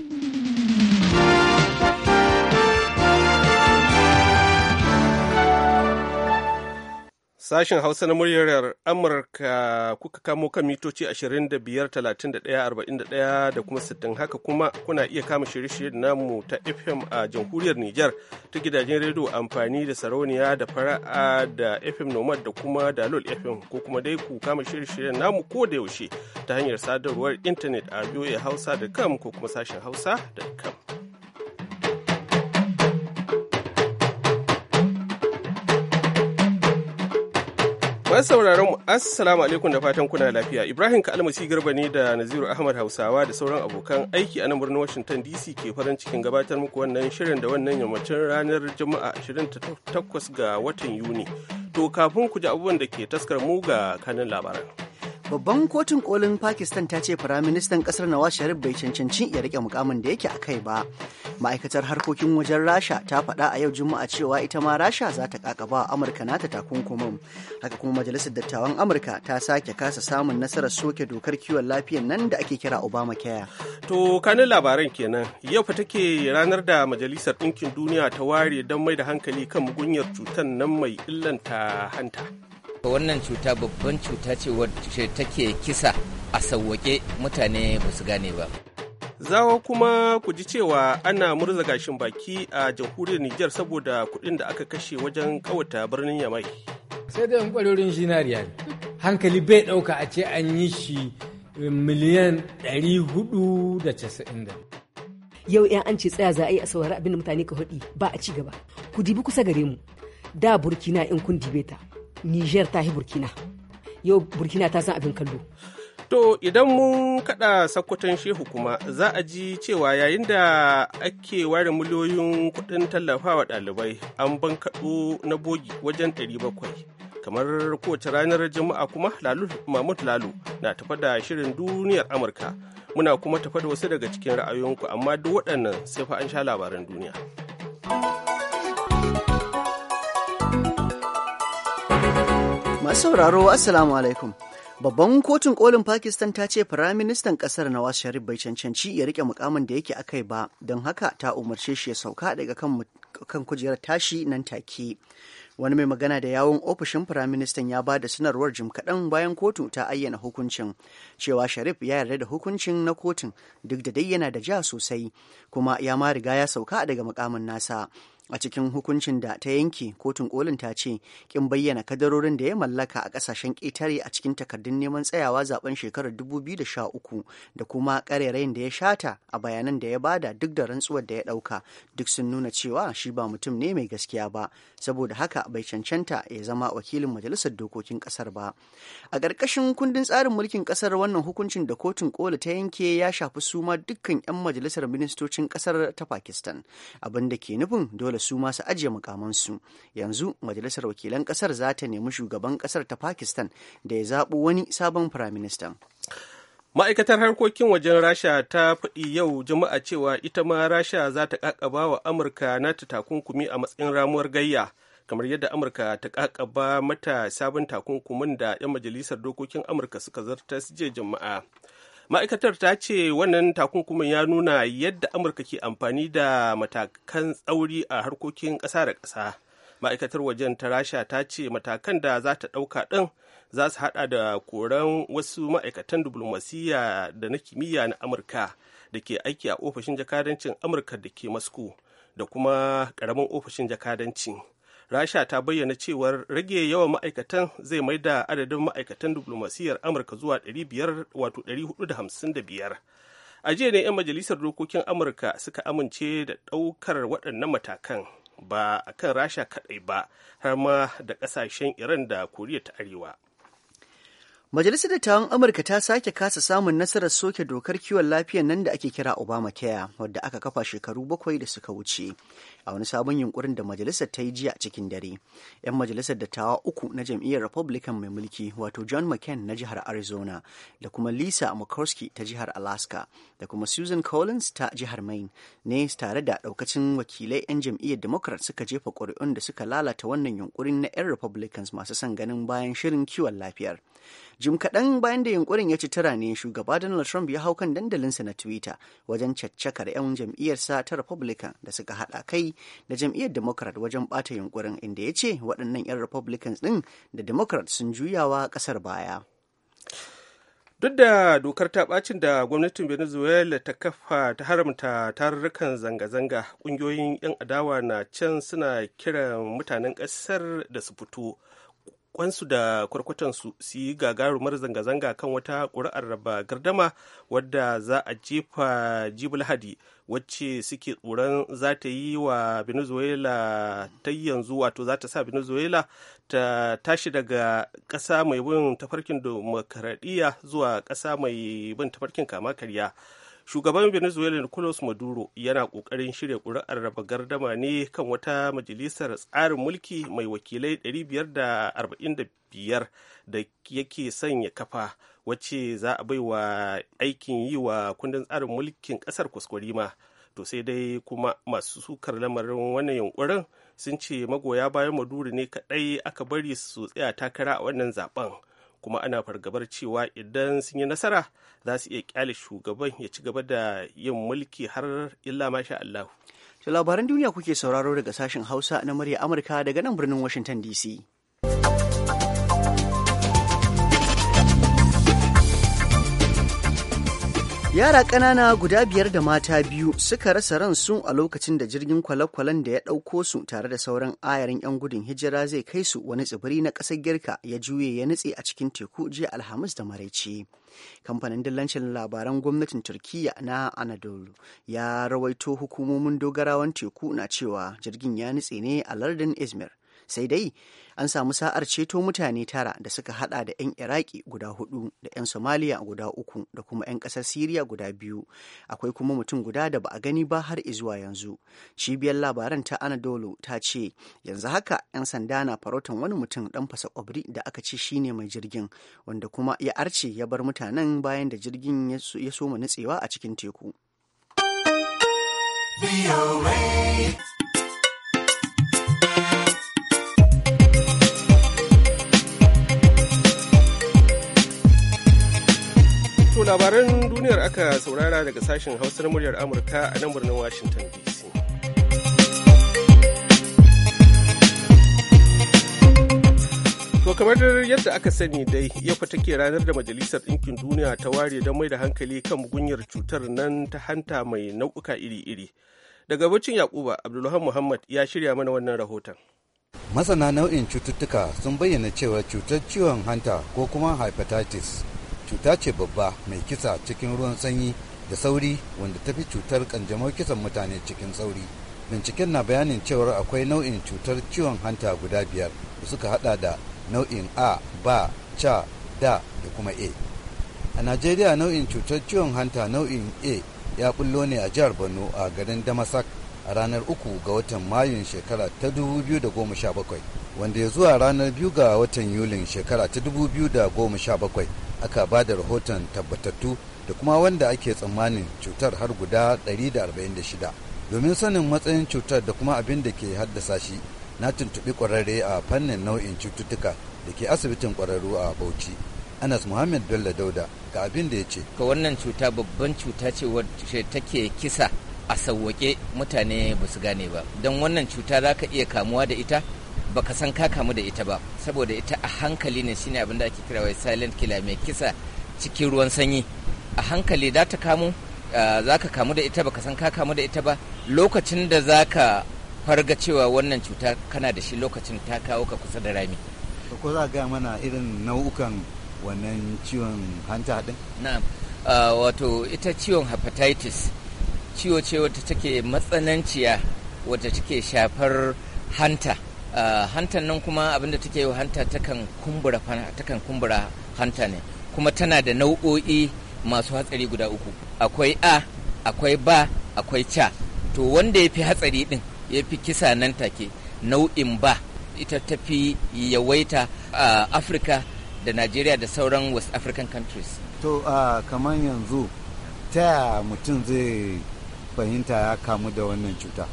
Mm-hmm. Sashen Hausa na muryar Amurka kuka kamo kan mitoci 25,31,41 da kuma 60 haka kuma kuna iya kama shirye-shirye da namu ta FM a jamhuriyar Nijar ta gidajen rediyo amfani da sarauniya da fara'a da FM Nomad da kuma Dalol FM ko kuma dai ku kama shirye-shiryen namu ko da yaushe ta hanyar sadarwar intanet a hausa da kam ko kuma sashen hausa da kam. Masu sauraron mu assalamu alaikum da fatan kuna lafiya. Ibrahim Kalmasi Garba ne da Naziru Ahmad Hausawa da sauran abokan aiki a nan birnin Washington DC ke farin cikin gabatar muku wannan shirin da wannan yammacin ranar Juma'a 28 ga watan Yuni. To kafin ku ji abubuwan da ke taskar mu ga kanin labaran. Babban kotun kolin Pakistan ta ce firaministan ƙasar Nawaz Sharif bai cancanci ya rike mukamin da yake a kai ba. Ma'aikatar harkokin wajen Rasha ta faɗa a yau Juma'a cewa ita ma Rasha za ta kakaba Amurka na ta takunkumin. Haka kuma Majalisar Dattawan Amurka ta sake kasa samun nasarar soke dokar kiwon lafiyan nan da ake kira Obamacare. To kanin labaran kenan yau fa take ranar da Majalisar Ɗinkin Duniya ta ware don mai da hankali kan mugunyar cutar nan mai illanta hanta. Wannan cuta babban cuta ce wacce take kisa a sauwake mutane ba su gane ba. Zawo kuma ku ji cewa ana murza gashin baki a jamhuriyar Nijar saboda kuɗin da aka kashe wajen kawata birnin Yamai. Sai dai in ƙwarorin zinariya Hankali bai ɗauka a ce an yi shi eh, miliyan 490. Yau 'yan an ce tsaya za a yi a saurari abin mutane ka hudi ba a ci gaba. Ku dibi kusa gare mu. Da burkina in kun dibe ta. niger ta yi burkina yau burkina ta san abin kallo To idan mun kada sakkwaton shehu kuma za a ji cewa yayin da ake ware miliyoyin kuɗin tallafawa ɗalibai an bankaɗo na bogi wajen 700 kamar kowace ranar juma'a kuma lalu mahmud lalu na tafa da shirin duniyar amurka muna kuma tafa da wasu daga cikin ra'ayoyinku amma duk waɗannan sai fa an sha labaran duniya. Masu sauraro, Assalamu alaikum. Babban kotun kolin Pakistan ta ce firaministan kasar Nawaz Sharif bai cancanci ya rike mukamin da yake akai ba, don haka ta umarce shi ya sauka daga kan kujerar tashi nan take. Wani mai magana da yawon ofishin firaministan ya ba da sanarwar jim kaɗan bayan kotu ta ayyana hukuncin cewa Sharif ya yarda da hukuncin na kotun duk da dai yana da ja sosai kuma ya ma riga ya sauka daga mukamin nasa. a cikin hukuncin da ta yanke kotun kolin ta ce kin bayyana kadarorin da ya mallaka a kasashen ƙetare a cikin takardun neman tsayawa zaben shekarar 2013 da kuma ƙarerayin da ya shata a bayanan da ya bada duk da rantsuwar da ya ɗauka duk sun nuna cewa shi ba mutum ne mai gaskiya ba saboda haka bai cancanta ya zama wakilin majalisar dokokin ƙasar ba a ƙarƙashin kundin tsarin mulkin ƙasar wannan hukuncin da kotun koli ta yanke ya shafi suma dukkan 'yan majalisar ministocin ƙasar ta pakistan abinda ke nufin dole da su masu ajiye mukamansu yanzu majalisar wakilan kasar za ta nemi shugaban kasar ta pakistan da ya zaɓo wani sabon firaministan ma'aikatar harkokin wajen rasha ta faɗi yau juma'a cewa ita ma rasha za ta ƙaƙaba wa amurka nata takunkumi a matsayin ramuwar gayya kamar yadda amurka ta ƙaƙaba mata sabon takunkumin da 'yan majalisar dokokin amurka suka zartas jiya juma'a ma'aikatar ta ce wannan takunkumin ya nuna yadda amurka ke amfani da matakan tsauri a harkokin ƙasa da ƙasa ma'aikatar wajen ta rasha ta ce matakan da za ta ɗauka ɗin za su haɗa da koran wasu ma'aikatan diflomasiyya da na kimiyya na amurka da ke aiki a ofishin jakadancin amurka da ke moscow da kuma ƙaramin ofishin jakadancin rasha ta bayyana cewar rage yawan ma'aikatan zai mai da adadin ma'aikatan diplomasiyyar amurka zuwa 455 a jiya ne 'yan majalisar dokokin amurka suka amince da ɗaukar waɗannan matakan ba a kan rasha kaɗai ba har ma da ƙasashen iran da koriya ta arewa Majalisar Dattawan Amurka ta sake kasa samun nasarar soke dokar kiwon lafiyar nan da ake kira Obamacare wadda aka kafa shekaru bakwai da suka wuce. a wani sabon yunkurin da majalisar ta yi jiya a cikin dare. 'Yan majalisar dattawa uku na jam'iyyar Republican mai mulki wato John McCain na jihar Arizona da kuma Lisa Murkowski ta jihar Alaska da kuma Susan Collins ta jihar Maine ne tare da daukacin wakilai 'yan jam'iyyar Democrat suka jefa ƙuri'un da suka lalata wannan yunkurin na 'yan Republicans masu son ganin bayan shirin kiwon lafiyar. Jim kaɗan bayan da yunkurin ya ci tara ne shugaba Donald Trump ya hau kan dandalinsa na Twitter wajen caccakar 'yan jam'iyyarsa ta Republican da suka haɗa kai da jam'iyyar democrat wajen bata yunkurin inda ya ce waɗannan 'yan republicans ɗin da democrat sun juyawa ƙasar baya duk da dokar ta bacin da gwamnatin venezuela ta kafa ta haramta tarurrukan zanga-zanga ƙungiyoyin 'yan adawa na can suna kiran mutanen ƙasar da su fito kwansu da kwarkwatansu su yi gagarumar zanga-zanga kan wata ƙuri'ar raba gardama wadda za a jefa jibi lahadi wacce suke tsoron za ta yi wa venezuela ta yanzu wato za ta sa venezuela ta tashi daga ƙasa mai bin tafarkin demokaradiyya zuwa ƙasa mai bin tafarkin kama karya shugaban venezuela nicolas maduro yana kokarin shirya kuri'ar raba gardama ne kan wata majalisar tsarin mulki mai wakilai 545 da yake sanya kafa wacce za a bai wa aikin yi wa kundin tsarin mulkin kasar kwaskwarima to sai dai kuma masu sukar lamarin wannan yunkurin sun ce magoya bayan maduro ne kadai aka bari su tsaya takara a wannan zaben kuma ana fargabar cewa idan sun yi nasara za su iya kyale shugaban ya ci gaba da yin mulki har illa masha Allahu. To labaran duniya kuke sauraro daga sashen Hausa na murya Amurka daga nan birnin Washington DC. Yara ƙanana guda biyar da mata biyu suka rasa ran ransu a lokacin da jirgin kwale-kwalen da ya ɗauko su tare da sauran ayarin 'yan gudun hijira zai kai su wani tsibiri na ƙasar Girka ya juye ya nutse a cikin teku jiya Alhamis da maraice. Kamfanin dillancin labaran gwamnatin Turkiyya na Anadolu ya rawaito hukumomin dogarawan teku na cewa jirgin ya nutse ne a lardin Izmir sai dai an samu sa'ar ceto mutane tara da suka hada da 'yan iraki guda hudu da 'yan somaliya guda uku da kuma 'yan kasar siriya guda biyu akwai kuma mutum guda da ba a gani ba har izuwa yanzu cibiyar labaran ta anadolu ta ce yanzu haka 'yan sanda na farautan wani mutum dan fasa kwabri da aka ce shine mai jirgin wanda kuma ya arce ya bar mutanen bayan da jirgin ya soma nutsewa a cikin teku. labaran duniyar aka saurara daga sashen hausar muryar Amurka a nan birnin Washington DC. To kamar yadda aka sani dai ya take ranar da Majalisar Ɗinkin Duniya ta ware don mai da hankali kan gunyar cutar nan ta hanta mai nau'uka iri-iri. Daga bacin Yakuba, Abdullahi Muhammad ya shirya mana wannan rahoton. Masana nau'in cututtuka sun bayyana cewa cutar ciwon hanta ko kuma hepatitis cuta ce babba mai kisa cikin ruwan sanyi da sauri wanda tafi cutar kanjamau kisan mutane cikin sauri binciken na bayanin cewar akwai nau'in cutar ciwon hanta guda biyar da suka hada da nau'in a ba ca da da kuma a a najeriya nau'in cutar ciwon hanta nau'in a ya bullo ne a jihar borno a garin damasak a ranar uku ga watan mayun shekara ta 2017 wanda ya zuwa ranar biyu ga watan yulin shekara ta 2017 aka ba da rahoton tabbatattu da kuma wanda ake tsammanin cutar har guda 146 domin sanin matsayin cutar da kuma abin da ke haddasa shi na tuntuɓi ƙwararre a fannin nau'in cututtuka da ke asibitin ƙwararru a bauchi anas muhammad bello dauda ga abin da ya ce ka wannan cuta babban cuta ce wacce take kisa a sauwaƙe mutane ba su gane ba don wannan cuta za ka iya kamuwa da ita baka san ka kamu da ita ba saboda ita a hankali ne shine abin da ake kira wai silent killer mai kisa cikin ruwan sanyi a hankali za ta kamu za ka kamu da ita baka san ka kamu da ita ba lokacin da za ka farga cewa wannan cuta kana da shi lokacin ta kawo ka kusa da rami ko za ga mana irin nau'ukan wannan ciwon hanta din na'am wato ita ciwon hepatitis ciwo ce wata take matsananciya wata take shafar hanta Ah, hantan nan kuma abinda take yi hanta takan kumbura hanta ne kuma tana da nau'o'i masu hatsari guda uku akwai a akwai ba akwai ca to wanda ya fi hatsari din ya fi kisa nan take nau'in ba ita ta fi yawaita a afirka da najeriya da sauran west african countries to a kamar yanzu ta mutum zai fahimta ya kamu da wannan cuta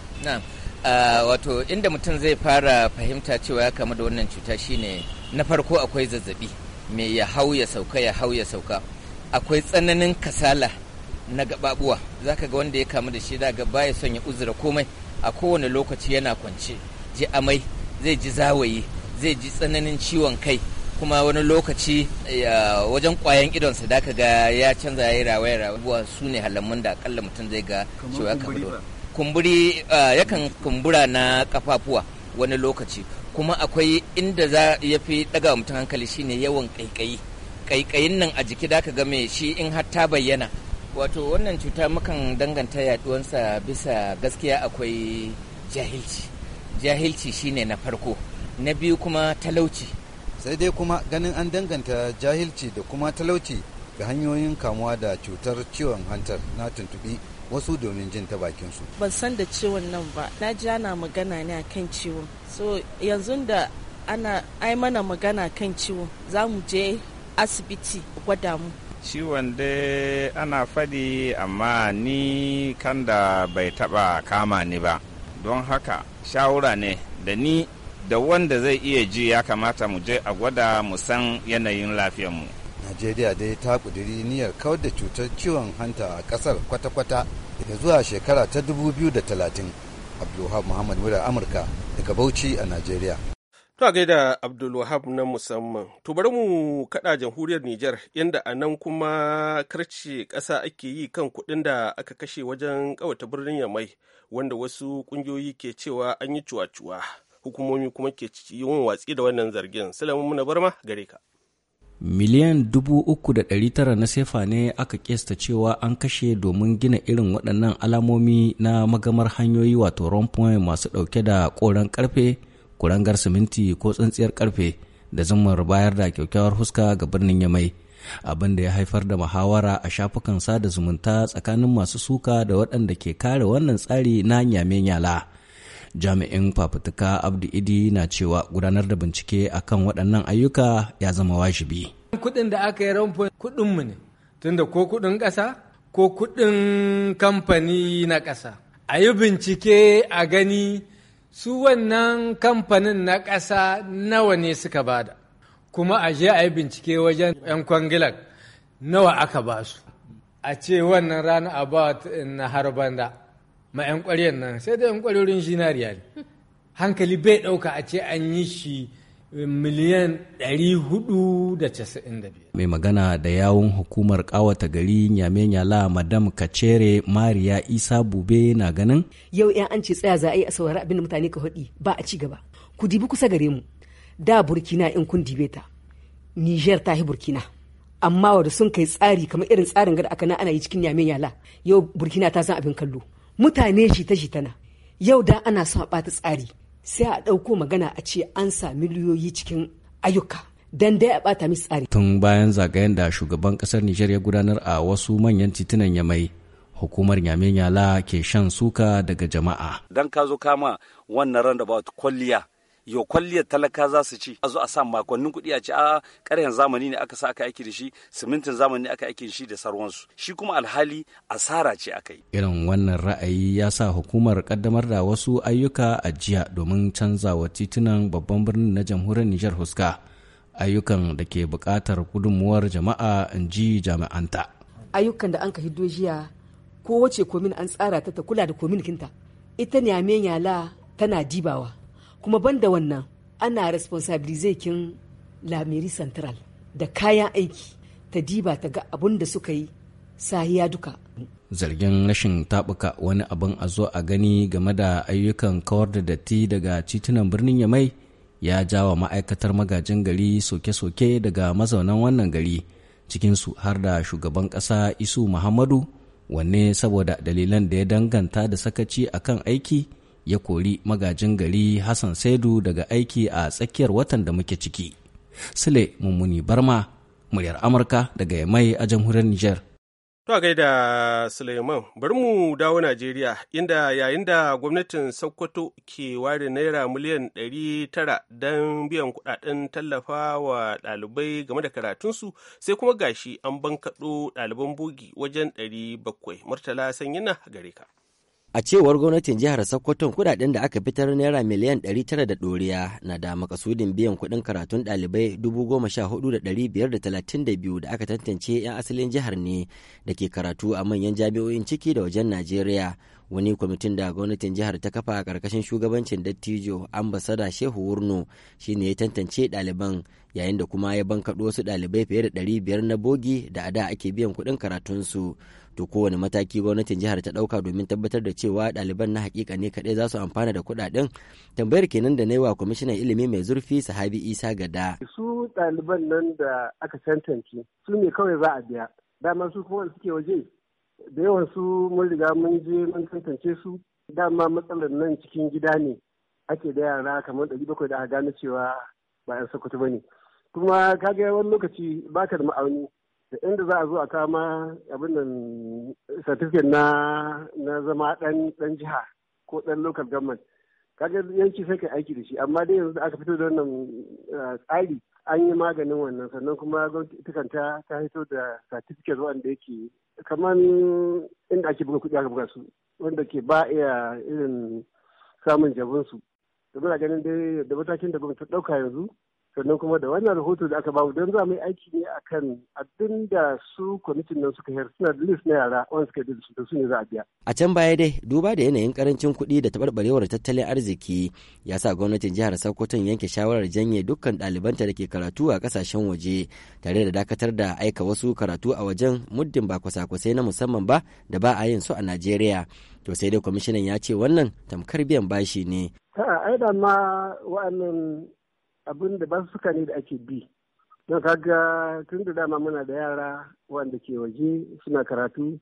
wato inda mutum zai fara fahimta cewa ya kamu da wannan cuta shine na farko akwai zazzabi mai ya hau ya sauka ya hau ya sauka akwai tsananin kasala na gababuwa zaka ga wanda ya kamu da shi daga baya son ya uzura komai a kowane lokaci yana kwance ji amai zai ji zawayi zai ji tsananin ciwon kai kuma wani lokaci wajen kwayan idonsa da ga ya canza ya yi rawaya rawaya su ne halammun da akalla mutum zai ga cewa kamar kumburi ah, yakan kumbura na kafafuwa wani lokaci kuma akwai inda za ya fi daga mutum hankali shine yawan kaikayi kaikayin nan a jiki da ka ga mai shi in har bayyana wato wannan cuta mukan danganta yaduwansa bisa gaskiya akwai jahilci jahilci shine na farko na biyu kuma talauci sai dai kuma ganin an danganta jahilci da kuma talauci ga hanyoyin kamuwa da cutar ciwon hantar na tuntubi wasu domin jin ta bakin su ban san da ciwon nan ba na ji ana magana ne akan ciwon so yanzu da ana ai mana magana kan ciwon za mu je asibiti gwada mu ciwon dai ana faɗi amma ni kan da bai taɓa kama ni ba don haka shawura ne da ni da wanda zai iya ji ya kamata mu je a gwada mu san yanayin lafiyarmu najeriya dai ta kudiri niyyar kawar da cutar ciwon hanta a kasar kwata-kwata daga zuwa shekara ta 2030 abdulwahab muhammad murar amurka daga bauchi a najeriya To a gaida Abdulwahab na musamman. To bari mu kada jamhuriyar Nijar yadda a nan kuma karce ƙasa ake yi kan kuɗin da aka kashe wajen kawata birnin Yamai wanda wasu ƙungiyoyi ke cewa an yi cuwa-cuwa. Hukumomi kuma ke yin watsi da wannan zargin. Salamu na barma gare ka. miliyan dubu na sefa ne aka kesta cewa an kashe domin gina irin waɗannan alamomi na magamar hanyoyi wato rompoint masu ɗauke da ƙoran ƙarfe kurangar siminti ko tsintsiyar ƙarfe da zumar bayar da kyaukyawar huska ga birnin yamai abin da ya haifar da muhawara a shafukan sada zumunta tsakanin masu suka da waɗanda ke kare wannan tsari na nyame nyala jami'in fafutuka abdu idi na cewa gudanar da bincike akan waɗannan ayyuka ya zama wajibi kuɗin da aka yi kuɗin mu ne tunda ko kuɗin ƙasa ko kuɗin kamfani na ƙasa a yi bincike a gani su wannan kamfanin na ƙasa nawa ne suka bada kuma a je a yi bincike wajen 'yan kwangilak nawa aka basu? su a ce wannan rana a ba na harbanda ma 'yan nan sai da 'yan ƙwarorin zinariya ne hankali bai ɗauka a ce an yi shi miliyan 495. Mai magana da yawun hukumar kawata gari nyame-nyala madam kacere mariya isa bube na ganin. Yau yan an ce tsaya za a yi a saurari abin da mutane ka haɗi ba a ci gaba. Ku dibi kusa gare mu da burkina in kun dibe ta. Niger ta yi burkina. Amma wadda sun kai tsari kamar irin tsarin gada aka na ana yi cikin nyame-nyala yau burkina ta san abin kallo. mutane shita-shita na yau da ana son a ɓata tsari sai a ɗauko magana a ce an sa miliyoyi cikin ayyuka dan dai a ɓata mis tsari. Tun bayan zagayen da shugaban ƙasar Nijar ya gudanar a wasu manyan titunan Yamai hukumar nyamenyala ke shan suka daga jama'a. don ka zo kama wannan ran da ba kwalliya yau kwalliyar talaka za su ci a zo a sa makonnin kuɗi a ci a ƙaryan zamani ne aka sa aka aiki da shi simintin zamani ne aka aiki da shi da sarwansu shi kuma alhali asara ce aka yi irin wannan ra'ayi ya sa hukumar kaddamar da wasu ayyuka a jiya domin canzawa titunan babban birnin na jamhuriyar Nijar huska ayyukan da ke buƙatar gudunmuwar jama'a in ji jami'anta ayyukan da an ka hiddo jiya ko wace komin an tsara ta ta kula da kominikinta ita ne yala tana dibawa kuma banda wannan ana responsabilizekin lamiri central da kayan aiki ta diba ta ga abun da suka yi sahiya duka zargin rashin tabuka wani abun a zo a gani game da ayyukan kawar da datti daga titunan birnin yamai ya jawa ma'aikatar magajin gari soke-soke daga mazaunan wannan gari cikinsu har da shugaban ƙasa isu muhammadu wanne saboda dalilan da ya danganta da sakaci akan aiki ya kori magajin gari Hassan Saidu daga aiki a tsakiyar watan da muke ciki. Sule Mummuni Barma, muryar Amurka daga Yamai a jamhuriyar Nijar. To a gaida Suleiman, bari mu dawo Najeriya inda yayin da gwamnatin Sokoto ke ware naira miliyan 900 don biyan kudaden tallafa wa ɗalibai game da karatunsu sai kuma gashi an bankaɗo ɗaliban bogi wajen 700 Murtala Sanyina gare ka. A cewar gwamnatin jihar Sokoton kudaden da aka fitar naira miliyan 900 da ɗoriya na da makasudin biyan kuɗin karatun ɗalibai 14,532 da aka tantance 'yan asalin jihar ne da ke karatu a manyan jami'o'in ciki da wajen Najeriya. Wani kwamitin da gwamnatin jihar ta kafa a ƙarƙashin shugabancin dattijo ambasada Shehu Wurno shi ne ya tantance ɗaliban yayin da kuma ya bankaɗo wasu ɗalibai fiye da 500 na bogi da a da ake biyan kuɗin karatunsu. to kowane mataki gwamnatin jihar ta dauka domin tabbatar da cewa ɗaliban na hakika ne kaɗai za su amfana da kuɗaɗen tambayar kenan da na yi wa kwamishinan ilimi mai zurfi sahabi isa gada su ɗaliban nan da aka tantance su ne kawai za a biya dama su kuma suke waje da yawan su mun riga mun je mun tantance su dama matsalar nan cikin gida ne ake da yara kamar ɗari bakwai da aka gane cewa ba 'yan sokoto ba ne kuma kaga wani lokaci baka da ma'auni inda za a zo a kama abin nan certificate na zama dan jiha ko dan local government kaga yanki sai kai aiki da shi amma dai yanzu da aka fito da wannan eh, tsari an yi maganin wannan sannan kuma gwamnati ta ta hito da certificate wanda yake kamar inda ake buga kuɗi aka buga su wanda ke ba iya irin samun jabinsu da ganin dai da matakin da gwamnati ta ɗauka yanzu sannan kuma da wannan rahoto da aka bamu don za mu yi aiki ne akan abin da su kwamitin nan suka yar suna da list na yara wanda suka da su su ne za a biya. A can baya dai duba da yanayin karancin kuɗi da taɓarɓarewar tattalin arziki ya sa gwamnatin jihar Sokoton yanke shawarar janye dukkan ɗalibanta da ke karatu a ƙasashen waje tare da dakatar da aika wasu karatu a wajen muddin ba kwasa-kwasai na musamman ba da ba a yin su a Najeriya. To sai dai kwamishinan ya ce wannan tamkar biyan bashi ne. Ta'a ma wa'annan abin da ba suka ne da ake bi don kaga tun da dama muna da yara wanda ke waje suna karatu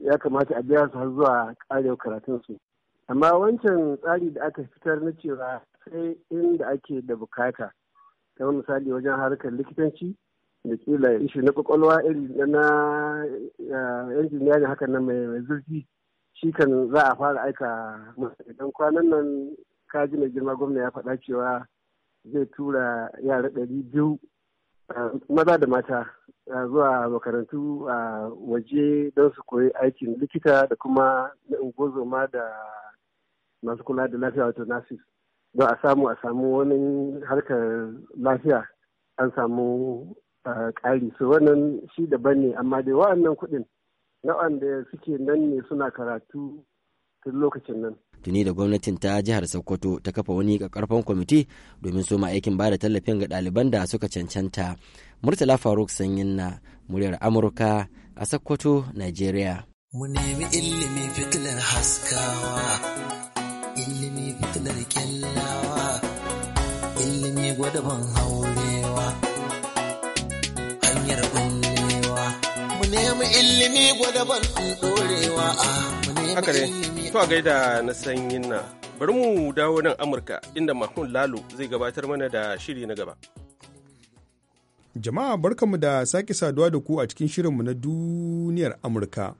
ya kamata a biya su har zuwa karewa karatunsu amma wancan tsari da aka fitar na cewa sai inda ake da bukata kamar misali wajen harkar likitanci da kila ishi na kwakwalwa iri na injiniya ne hakan nan mai zurfi shi kan za a fara aika idan kwanan nan kaji mai girma gwamna ya faɗa cewa zai tura yara ɗari biyu maza da mata zuwa makarantu a waje don su koyi aikin likita da kuma na ungozoma da masu kula da lafiya wato nurses don a samu a samu wani harkar lafiya an samu ƙari so wannan shi daban ne amma dai wa'annan kuɗin na wanda suke nan ne suna karatu tun lokacin nan tuni da gwamnatin ta jihar sokoto ta kafa wani kakarfan kwamiti domin soma aikin ba da tallafin ga ɗaliban da suka cancanta murtala faruk sanyin na muryar amurka a sokoto nigeria mu nemi ilimi fitilar haskawa ilimi fitilar kyallawa ilimi gwada ban haurewa hanyar bullewa mu nemi ilimi gwada ban dorewa a ah, mu nemi ilimi To gaida na sanyin na bari mu dawo nan Amurka inda Mahmud Lalo zai gabatar mana da shiri na gaba. Jama'a barkamu da sake saduwa da ku a cikin shirinmu na duniyar Amurka.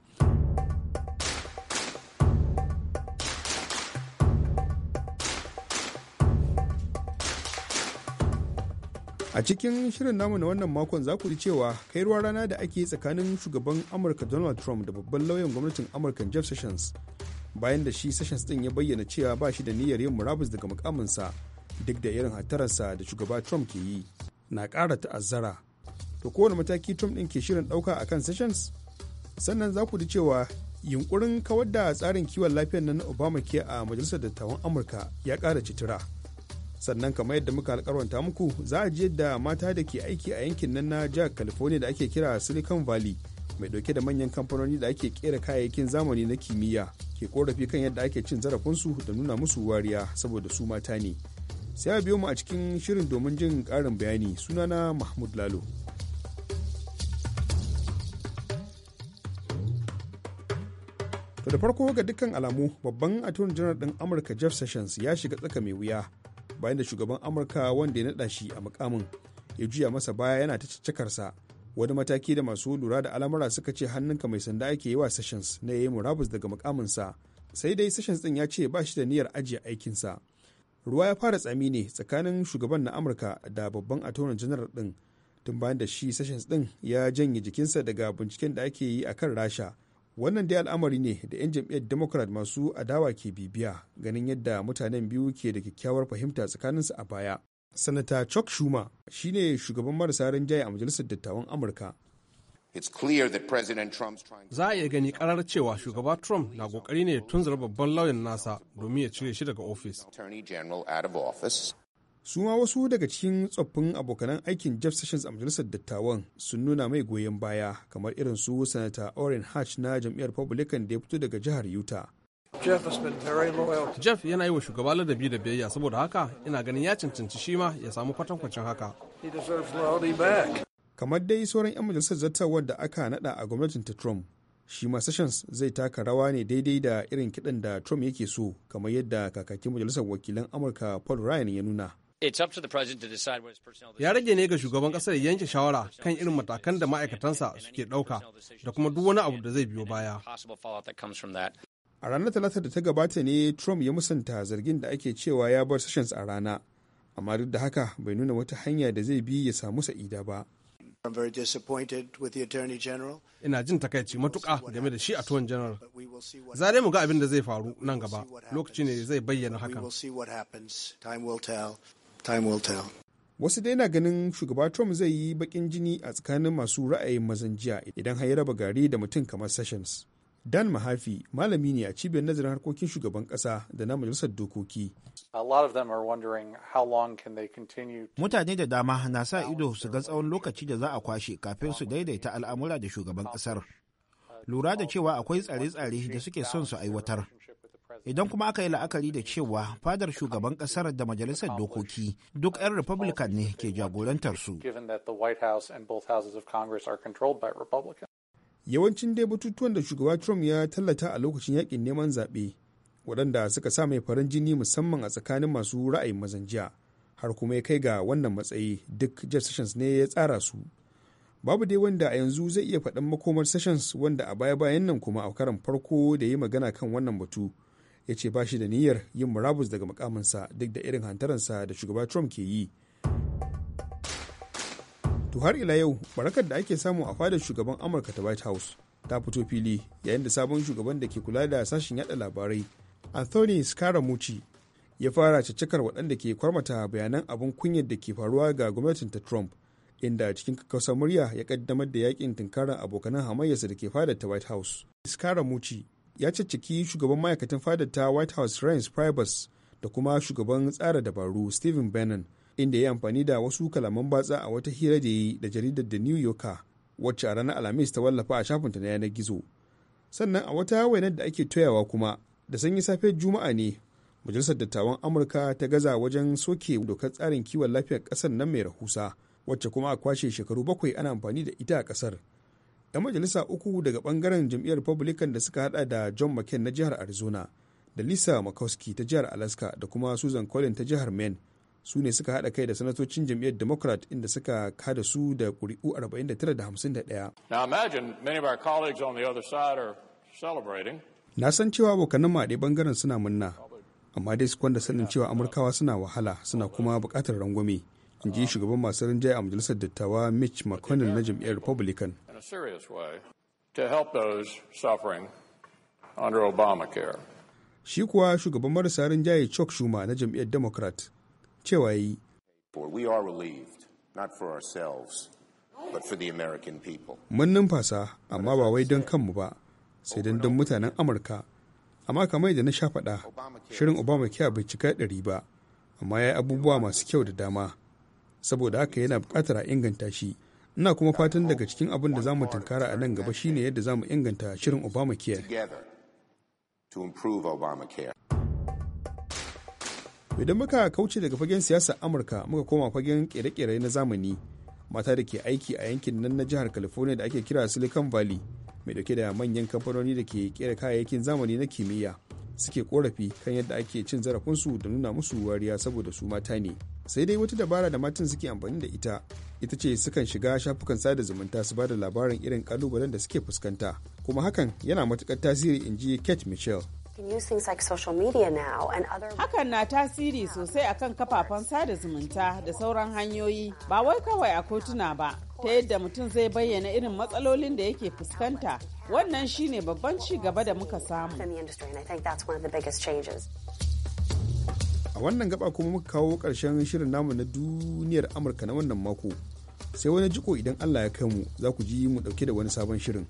A cikin shirin namu na wannan makon za ku ji cewa kai ruwa rana da ake tsakanin shugaban Amurka Donald Trump da babban lauyan gwamnatin Amurka Jeff Sessions bayan da shi sessions din ya bayyana cewa ba shi da niyyar yin murabus daga mukaminsa duk da irin hattararsa da shugaba trump ke yi na kara ta'azzara to kowane mataki trump din ke shirin dauka a kan sessions sannan za ku ji cewa yunkurin kawar da tsarin kiwon lafiyar nan na obama ke a majalisar dattawan amurka ya kara citira sannan kamar yadda muka alkarwanta muku za a ji yadda mata da ke aiki a yankin nan na jihar california da ake kira silicon valley mai dauke da manyan kamfanoni da ake kera kayayyakin zamani na kimiyya ke korafi kan yadda ake cin zarafinsu da nuna musu wariya saboda su mata ne sai a biyo mu a cikin shirin domin jin karin bayani suna na mahmud lalo to da farko ga dukkan alamu babban attorney general din amurka jeff sessions ya shiga tsaka mai wuya bayan da shugaban amurka wanda ya naɗa shi a mukamin ya juya masa baya yana ta cikakarsa wani mataki da masu lura da al'amura suka ce hannunka mai sanda ake yi wa sessions na yayi murabus daga mukaminsa sai dai sessions din ya ce ba shi da niyyar ajiye aikinsa ruwa ya fara tsami ne tsakanin shugaban na amurka da babban attorney general din tun bayan da shi sessions din ya janye jikinsa daga binciken da ake yi akan rasha wannan dai al'amari ne da 'yan jam'iyyar democrat masu adawa ke bibiya ganin yadda mutanen biyu ke da kyakkyawar fahimta tsakaninsu a baya Sanata Chuck Schumer shi ne shugaban marasa rinjaye a Majalisar Dattawan Amurka. Za a iya gani karar cewa shugaba Trump na kokari ne tunzura babban lauyan nasa domin ya cire shi daga ofis. Su ma wasu daga cikin tsoffin abokanan aikin Jeff Sessions a Majalisar Dattawan sun nuna mai goyon baya kamar irin su Sanata Orrin Hatch na jam'iyyar Republican da ya fito daga jihar Utah. Jeff yana yi wa shugaba ladabi da biyayya saboda haka ina ganin ya cancanci shi ma ya samu kwatankwacin haka. Kamar dai sauran 'yan majalisar zartarwar da aka nada a gwamnatin ta Trump, shi ma Sessions zai taka rawa ne daidai da irin kiɗan da Trump yake so, kamar yadda kakakin majalisar wakilan Amurka Paul Ryan ya nuna. Ya rage ne ga shugaban kasar yanke shawara kan irin matakan da ma'aikatansa suke ɗauka da kuma duk wani abu da zai biyo baya. a ranar talatar da ta gabata ne trump ya musanta zargin da ake cewa ya bar sessions a rana amma duk da haka bai nuna wata hanya da zai bi ya samu sa'ida ba ina jin takaici matuka game da shi a tuwon general zare mu ga abin da zai faru nan gaba lokaci ne zai bayyana hakan wasu dai na ganin shugaba trump zai yi bakin jini a tsakanin masu ra'ayin mazan jiya idan har ya raba gari da mutum kamar sessions Dan Mahafi malami ne a cibiyar nazarin harkokin shugaban kasa da na majalisar dokoki. Mutane da dama na sa ido su ga tsawon lokaci da za a kwashe kafin su daidaita al'amura da shugaban ƙasar Lura da cewa akwai tsare-tsare da suke son su aiwatar. Idan kuma aka yi la'akari da cewa fadar shugaban ƙasar da majalisar dokoki duk 'yan Republican ne ke jagorantar su. yawancin dai batutuwan da shugaba trump ya tallata a lokacin yakin neman zaɓe waɗanda suka sa mai farin jini musamman a tsakanin masu ra'ayin mazan jiya har kuma ya kai ga wannan matsayi duk jeff sessions ne ya tsara su babu dai wanda a yanzu zai iya faɗan makomar sessions wanda a baya bayan nan kuma a karan farko da ya yi magana kan wannan batu ya ce ba shi da niyyar yin murabus daga mukaminsa duk da irin hantaransa da shugaba trump ke yi to har ila yau barakar da ake samu a fadar shugaban amurka ta white house ta fito fili yayin da sabon shugaban da ke kula da sashen yada labarai anthony scaramucci ya fara caccakar waɗanda ke kwarmata bayanan abin kunyar da ke faruwa ga gwamnatin ta trump inda cikin kakkausar murya ya kaddamar da yakin tunkarar abokanan hamayyarsa da ke fadar ta white house scaramucci ya caccaki shugaban ma'aikatan fadar ta white house reince priebus da kuma shugaban tsara dabaru stephen bannon inda ya amfani da wasu kalaman batsa a wata hira da yi da jaridar The New Yorker wacce a ranar Alhamis ta wallafa a shafinta na yanar gizo. Sannan a wata wainar da ake toyawa kuma da sanyi safe Juma'a ne Majalisar Dattawan Amurka ta gaza wajen soke dokar tsarin kiwon lafiyar kasar nan mai rahusa wacce kuma a kwashe shekaru bakwai ana amfani da ita a ƙasar. 'Yan majalisa uku daga bangaren jam'iyyar Republican da suka hada da John McCain na jihar Arizona da Lisa makowski ta jihar Alaska da kuma Susan Collins ta jihar Maine su ne suka haɗa kai da sanatocin jam'iyyar democrat inda suka kada su da ƙuri'u 49 da celebrating na san cewa abokanan maɗe ɓangaren suna munna amma dai su kwanda sanin cewa amurkawa suna wahala suna kuma buƙatar rangwame in ji shugaban masu rinjaye a majalisar dattawa mitch mcconnell na jam'iyyar republican shi kuwa shugaban marasa rinjaye chuck schumer na jam'iyyar democrat cewa yi for american people mun numfasa amma ba wai don kanmu ba sai don don mutanen amurka amma kamar da na sha faɗa shirin obama kya bai cika ɗari ba amma ya yi abubuwa masu kyau da dama saboda haka yana buƙatar a inganta shi ina kuma fatan daga cikin abin da za mu tunkara a nan gaba shine yadda za mu inganta shirin obama care idan muka kauce daga fagen siyasar amurka muka koma fagen kere-kere na zamani mata da ke aiki a yankin nan na jihar california da ake kira silicon valley mai dauke da manyan kamfanoni da ke kera kayayyakin zamani na kimiyya suke korafi kan yadda ake cin zarafinsu da nuna musu wariya saboda su mata ne sai dai wata dabara da matan suke amfani da ita ita ce sukan shiga shafukan sada zumunta su bada labarin irin kalubalen da suke fuskanta kuma hakan yana matukar tasiri in ji kate michelle Hakan na tasiri sosai akan kafafen sada zumunta da sauran hanyoyi ba wai kawai a kotuna ba ta yadda mutum zai bayyana irin matsalolin da yake fuskanta wannan shine babban ci gaba da muka samu. A wannan gaba kuma muka kawo ƙarshen shirin namu na duniyar Amurka na wannan mako. Sai wani jiko idan Allah ya kai mu za ku ji mu ɗauke da wani sabon shirin.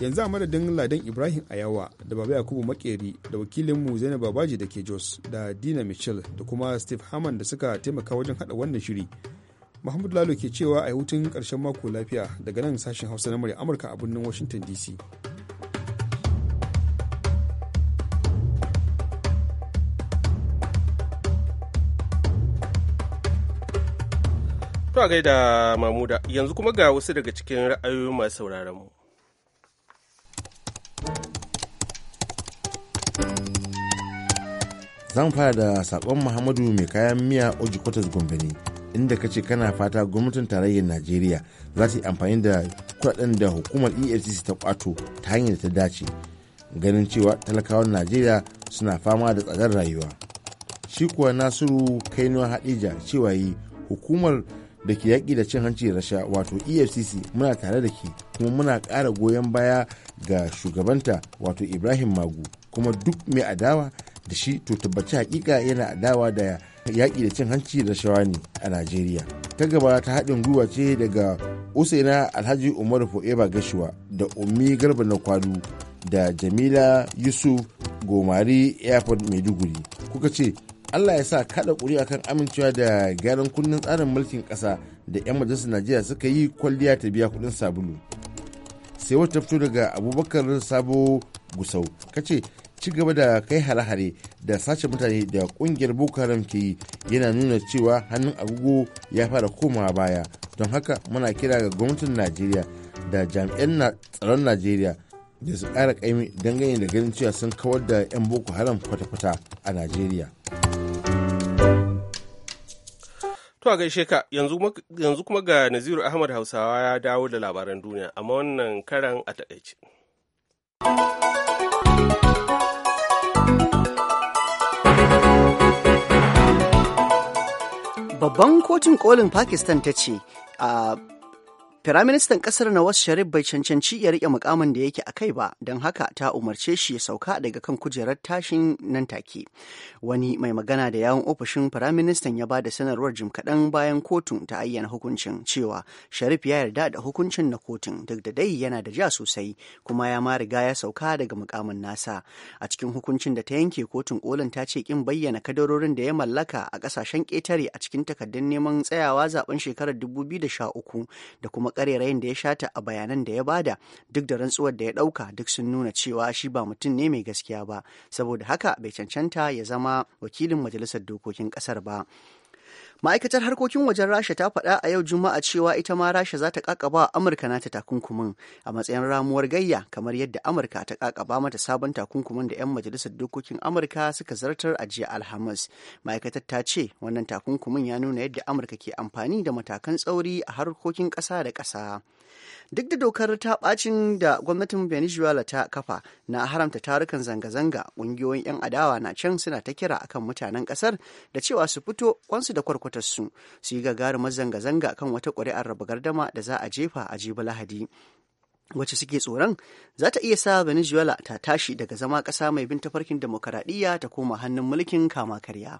yanzu a madadin ladan ibrahim ayawa da baba yakubu makeri da wakilinmu zainab babaji da ke jos da dina mitchell da kuma steve hammond da suka taimaka wajen hada wannan shiri mahmud lalo ke cewa a hutun karshen mako lafiya daga nan sashen hausa na murya amurka a birnin washington dc To a gaida Mamuda, yanzu kuma ga wasu daga cikin ra'ayoyin masu sauraronmu. zan fara da sakon muhammadu mai kayan miya oji kwatas inda kace kana fata gwamnatin tarayyar najeriya za ta yi amfani da kudaden da hukumar efcc ta kwato ta hanyar da ta dace ganin cewa talakawan najeriya suna fama da tsadar rayuwa shi kuwa nasiru kainuwa hadija cewa yi hukumar da ke yaƙi da cin hanci da rasha wato efcc muna tare da ke kuma muna ƙara goyon baya ga shugabanta wato ibrahim magu kuma duk mai adawa da shi to tabbaci hakika yana adawa da yaƙi da cin hanci da rashawa ne a Najeriya. Ta gaba ta haɗin gwiwa ce daga Usaina Alhaji Umar Fo'eba Gashuwa da Ummi Garba na Kwalu da Jamila Yusuf Gomari Airport Maiduguri. Kuka ce Allah ya sa kada ƙuri akan amincewa da gyaran kundin tsarin mulkin ƙasa da 'yan majalisar Najeriya suka yi kwalliya ta biya kuɗin sabulu. Sai wata fito daga Abubakar Sabo Gusau kace ci gaba da kai hare-hare da sace mutane da kungiyar boko haram ke yi yana nuna cewa hannun agogo ya fara komawa baya don haka muna kira ga gwamnatin najeriya da jami'an tsaron najeriya da su kaimi ƙaimi dangane da ganin cewa sun kawar da 'yan boko haram kwata-kwata a najeriya To a gaishe ka yanzu kuma ga Naziru Ahmad Hausawa ya dawo da labaran duniya amma wannan karan a takaice. babban kotun kolin pakistan ta ce a ah, Firaministan ƙasar Nawaz Sharif bai cancanci ya riƙe mukamin da yake a kai ba, don haka ta umarce shi ya sauka daga kan kujerar tashin nan take. Wani mai magana da yawon ofishin Firaministan ya ba da sanarwar jim kaɗan bayan kotun ta ayyana hukuncin cewa Sharif ya yarda da hukuncin na kotun duk da dai yana da ja sosai kuma ya ma riga ya sauka daga mukamin nasa. A cikin hukuncin da ta yanke kotun kolin ta ce kin bayyana kadarorin da ya mallaka a ƙasashen ƙetare a cikin takardun neman tsayawa zaben shekarar 2013 da kuma ƙarerayin da ya shata a bayanan da ya bada duk da rantsuwar da ya dauka duk sun nuna cewa shi ba mutum ne mai gaskiya ba saboda haka bai cancanta ya zama wakilin majalisar dokokin kasar ba ma'aikatar harkokin wajen rasha ta faɗa a yau juma'a cewa ita ma rasha za ta kakaba amurka na ta takunkumin a matsayin ramuwar gayya kamar yadda amurka ta kakaba mata sabon takunkumin da 'yan majalisar dokokin amurka suka zartar a jiya alhamis ma'aikatar ta ce wannan takunkumin ya nuna yadda amurka ke amfani da matakan tsauri a harkokin ƙasa da ƙasa duk da dokar ta bacin da gwamnatin venezuela ta kafa na haramta tarukan zanga-zanga ƙungiyoyin 'yan adawa na can suna ta kira akan mutanen ƙasar da cewa su fito kwansu da kwarkwatarsu su yi gagarumar zanga-zanga kan wata ƙuri'ar raba gardama da za a jefa a jibi lahadi wacce suke tsoron za ta iya sa venezuela ta tashi daga zama ƙasa mai bin tafarkin demokaradiyya ta koma hannun mulkin kama karya.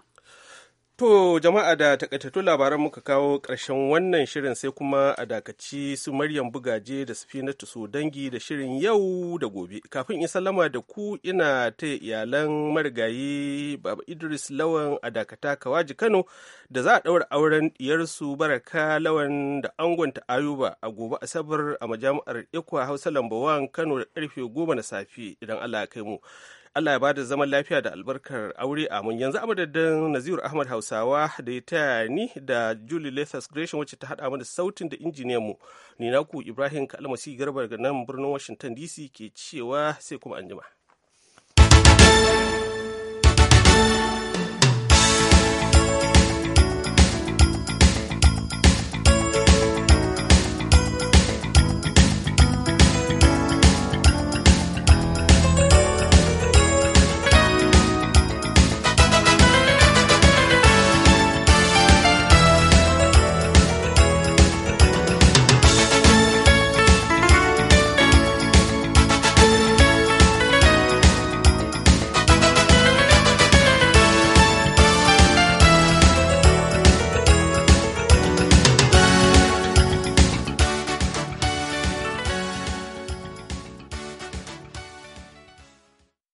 To jama'a da takaitattun labaran muka kawo ƙarshen wannan shirin sai kuma a dakaci su Maryam Bugaje da Sufinatu su dangi da shirin yau da gobe. Kafin in sallama da ku ina ta iyalan marigayi Baba Idris Lawan a dakata Kawaji Kano da za a ɗaura auren diyarsu Baraka Lawan da angonta Ayuba a gobe Asabar a majami'ar Ikwa Hausa Lambawan Kano da ƙarfe goma na safe idan Allah ya kai mu. Allah ya bada zaman lafiya da albarkar aure a mun yanzu a madadin Naziru Ahmad Hausawa da ya taya ni da Julie Lathas Gresham wacce ta haɗa mana sautin da injiniyan mu ni naku Ibrahim Kalmasi Garba daga nan birnin Washington DC ke cewa sai kuma anjima.